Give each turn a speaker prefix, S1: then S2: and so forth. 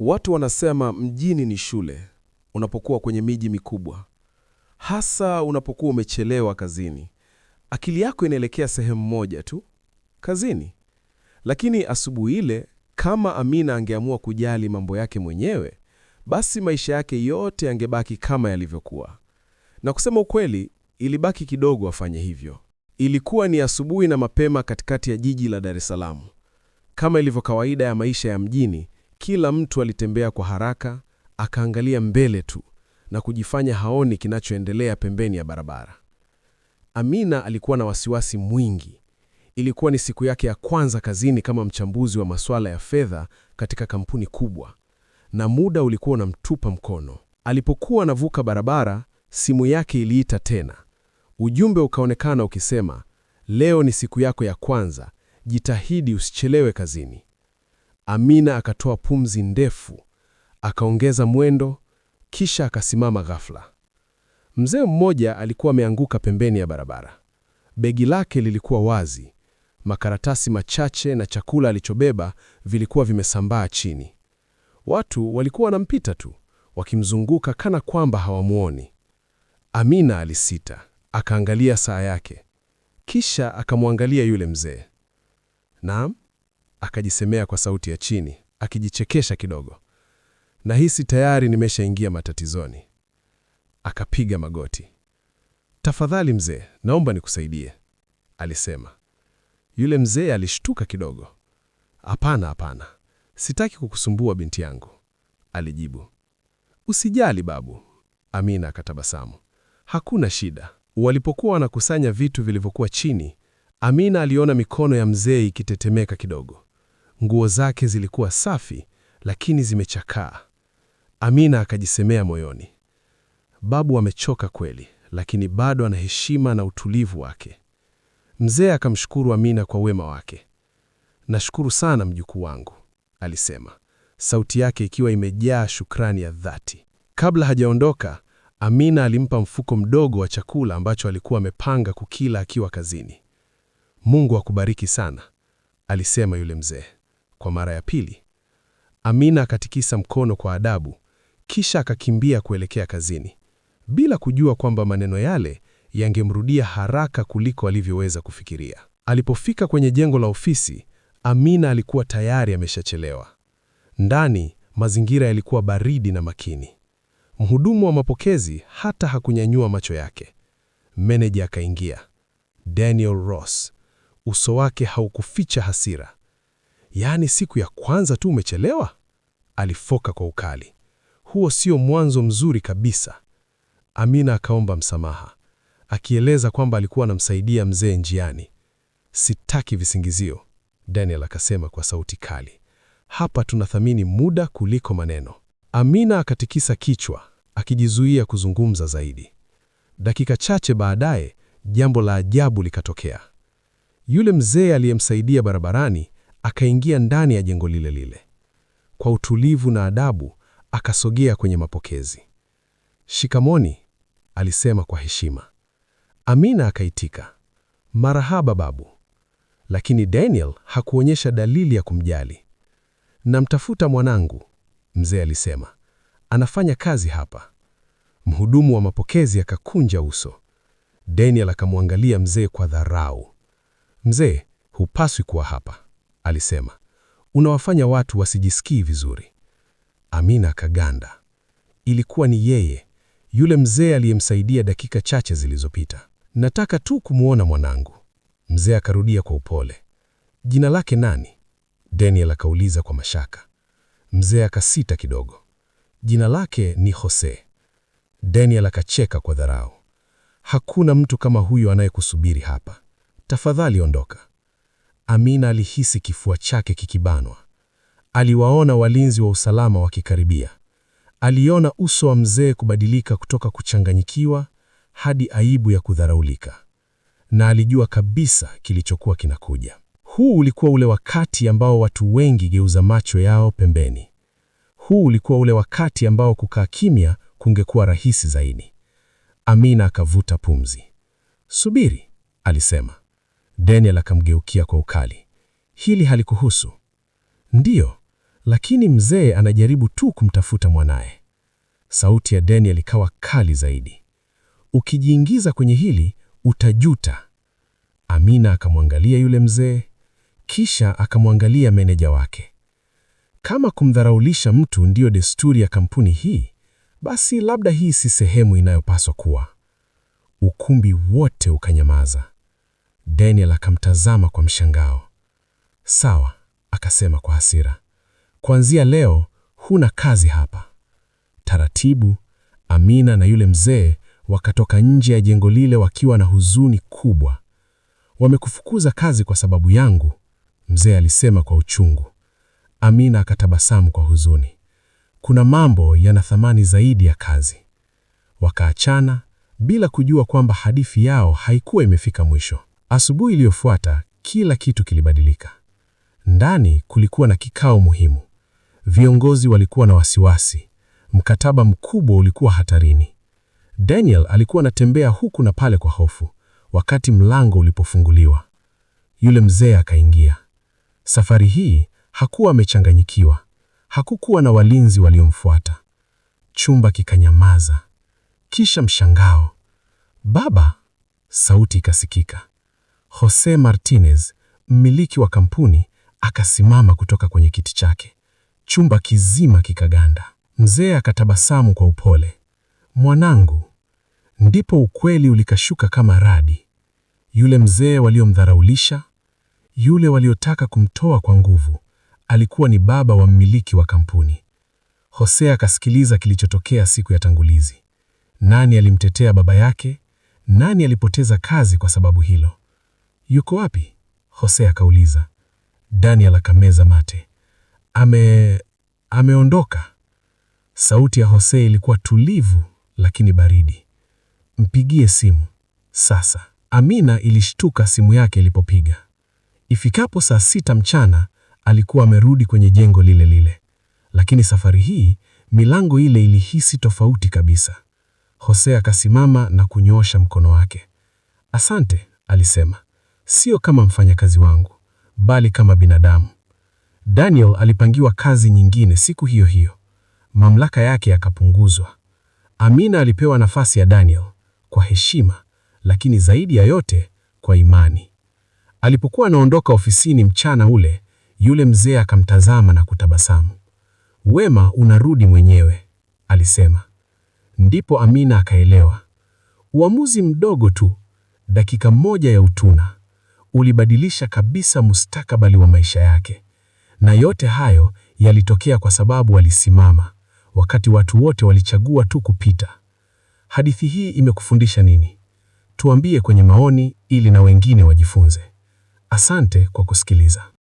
S1: Watu wanasema mjini ni shule unapokuwa kwenye miji mikubwa, hasa unapokuwa umechelewa kazini. Akili yako inaelekea sehemu moja tu, kazini. Lakini asubuhi ile, kama Amina angeamua kujali mambo yake mwenyewe, basi maisha yake yote yangebaki kama yalivyokuwa. Na kusema ukweli, ilibaki kidogo afanye hivyo. Ilikuwa ni asubuhi na mapema katikati ya jiji la Dar es Salaam. Kama ilivyo kawaida ya maisha ya mjini kila mtu alitembea kwa haraka, akaangalia mbele tu na kujifanya haoni kinachoendelea pembeni ya barabara. Amina alikuwa na wasiwasi mwingi. Ilikuwa ni siku yake ya kwanza kazini kama mchambuzi wa masuala ya fedha katika kampuni kubwa, na muda ulikuwa unamtupa mkono. Alipokuwa anavuka barabara, simu yake iliita tena. Ujumbe ukaonekana ukisema, leo ni siku yako ya kwanza, jitahidi usichelewe kazini. Amina akatoa pumzi ndefu, akaongeza mwendo, kisha akasimama ghafla. Mzee mmoja alikuwa ameanguka pembeni ya barabara. Begi lake lilikuwa wazi, makaratasi machache na chakula alichobeba vilikuwa vimesambaa chini. Watu walikuwa wanampita tu, wakimzunguka kana kwamba hawamuoni Amina alisita, akaangalia saa yake, kisha akamwangalia yule mzee. Naam, akajisemea kwa sauti ya chini, akijichekesha kidogo. Nahisi tayari nimeshaingia matatizoni. Akapiga magoti. Tafadhali mzee, naomba nikusaidie, alisema. Yule mzee alishtuka kidogo. Hapana, hapana, sitaki kukusumbua binti yangu, alijibu. Usijali babu, Amina akatabasamu. Hakuna shida. Walipokuwa wanakusanya vitu vilivyokuwa chini, Amina aliona mikono ya mzee ikitetemeka kidogo. Nguo zake zilikuwa safi lakini zimechakaa. Amina akajisemea moyoni, babu amechoka kweli, lakini bado ana heshima na utulivu wake. Mzee akamshukuru Amina kwa wema wake. Nashukuru sana mjukuu wangu, alisema, sauti yake ikiwa imejaa shukrani ya dhati. Kabla hajaondoka, Amina alimpa mfuko mdogo wa chakula ambacho alikuwa amepanga kukila akiwa kazini. Mungu akubariki sana, alisema yule mzee kwa mara ya pili. Amina akatikisa mkono kwa adabu, kisha akakimbia kuelekea kazini, bila kujua kwamba maneno yale yangemrudia haraka kuliko alivyoweza kufikiria. Alipofika kwenye jengo la ofisi, Amina alikuwa tayari ameshachelewa. Ndani mazingira yalikuwa baridi na makini. Mhudumu wa mapokezi hata hakunyanyua macho yake. Meneja akaingia, Daniel Ross. Uso wake haukuficha hasira yaani siku ya kwanza tu umechelewa? Alifoka kwa ukali. Huo sio mwanzo mzuri kabisa. Amina akaomba msamaha, akieleza kwamba alikuwa anamsaidia mzee njiani. Sitaki visingizio, Daniel akasema kwa sauti kali. Hapa tunathamini muda kuliko maneno. Amina akatikisa kichwa, akijizuia kuzungumza zaidi. Dakika chache baadaye, jambo la ajabu likatokea. Yule mzee aliyemsaidia barabarani akaingia ndani ya jengo lile lile. Kwa utulivu na adabu akasogea kwenye mapokezi. Shikamoni, alisema kwa heshima. Amina akaitika, marahaba babu. Lakini Daniel hakuonyesha dalili ya kumjali. Namtafuta mwanangu, mzee alisema, anafanya kazi hapa. Mhudumu wa mapokezi akakunja uso. Daniel akamwangalia mzee kwa dharau. Mzee, hupaswi kuwa hapa alisema, unawafanya watu wasijisikii vizuri. Amina akaganda. Ilikuwa ni yeye, yule mzee aliyemsaidia dakika chache zilizopita. Nataka tu kumwona mwanangu, mzee akarudia kwa upole. Jina lake nani? Daniel akauliza kwa mashaka. Mzee akasita kidogo. Jina lake ni Jose. Daniel akacheka kwa dharau. Hakuna mtu kama huyo anayekusubiri hapa. Tafadhali ondoka. Amina alihisi kifua chake kikibanwa. Aliwaona walinzi wa usalama wakikaribia. Aliona uso wa mzee kubadilika kutoka kuchanganyikiwa hadi aibu ya kudharaulika, na alijua kabisa kilichokuwa kinakuja. Huu ulikuwa ule wakati ambao watu wengi geuza macho yao pembeni. Huu ulikuwa ule wakati ambao kukaa kimya kungekuwa rahisi zaidi. Amina akavuta pumzi. Subiri, alisema. Daniel akamgeukia kwa ukali. Hili halikuhusu. Ndiyo, lakini mzee anajaribu tu kumtafuta mwanaye. Sauti ya Daniel ikawa kali zaidi. Ukijiingiza kwenye hili utajuta. Amina akamwangalia yule mzee, kisha akamwangalia meneja wake. Kama kumdharaulisha mtu ndiyo desturi ya kampuni hii, basi labda hii si sehemu inayopaswa kuwa. Ukumbi wote ukanyamaza. Daniel akamtazama kwa mshangao. Sawa, akasema kwa hasira, kuanzia leo huna kazi hapa. Taratibu Amina na yule mzee wakatoka nje ya jengo lile wakiwa na huzuni kubwa. Wamekufukuza kazi kwa sababu yangu, mzee alisema kwa uchungu. Amina akatabasamu kwa huzuni. Kuna mambo yana thamani zaidi ya kazi. Wakaachana bila kujua kwamba hadithi yao haikuwa imefika mwisho. Asubuhi iliyofuata kila kitu kilibadilika. Ndani kulikuwa na kikao muhimu, viongozi walikuwa na wasiwasi, mkataba mkubwa ulikuwa hatarini. Daniel alikuwa anatembea huku na pale kwa hofu, wakati mlango ulipofunguliwa, yule mzee akaingia. Safari hii hakuwa amechanganyikiwa, hakukuwa na walinzi waliomfuata. Chumba kikanyamaza, kisha mshangao. Baba, sauti ikasikika. Jose Martinez, mmiliki wa kampuni, akasimama kutoka kwenye kiti chake. Chumba kizima kikaganda. Mzee akatabasamu kwa upole. Mwanangu, ndipo ukweli ulikashuka kama radi. Yule mzee waliomdharaulisha, yule waliotaka kumtoa kwa nguvu, alikuwa ni baba wa mmiliki wa kampuni. Jose akasikiliza kilichotokea siku ya tangulizi. Nani alimtetea baba yake? Nani alipoteza kazi kwa sababu hilo? Yuko wapi? Jose akauliza. Daniel akameza mate. Ame... ameondoka. Sauti ya Jose ilikuwa tulivu lakini baridi. Mpigie simu sasa. Amina ilishtuka simu yake ilipopiga. Ifikapo saa sita mchana alikuwa amerudi kwenye jengo lile lile, lakini safari hii milango ile ilihisi tofauti kabisa. Jose akasimama na kunyoosha mkono wake. Asante, alisema sio kama mfanyakazi wangu, bali kama binadamu. Daniel alipangiwa kazi nyingine siku hiyo hiyo, mamlaka yake yakapunguzwa. Amina alipewa nafasi ya Daniel kwa heshima, lakini zaidi ya yote kwa imani. Alipokuwa anaondoka ofisini mchana ule, yule mzee akamtazama na kutabasamu. Wema unarudi mwenyewe, alisema. Ndipo Amina akaelewa. Uamuzi mdogo tu, dakika moja ya utuna, ulibadilisha kabisa mustakabali wa maisha yake. Na yote hayo yalitokea kwa sababu walisimama, wakati watu wote walichagua tu kupita. Hadithi hii imekufundisha nini? Tuambie kwenye maoni ili na wengine wajifunze. Asante kwa kusikiliza.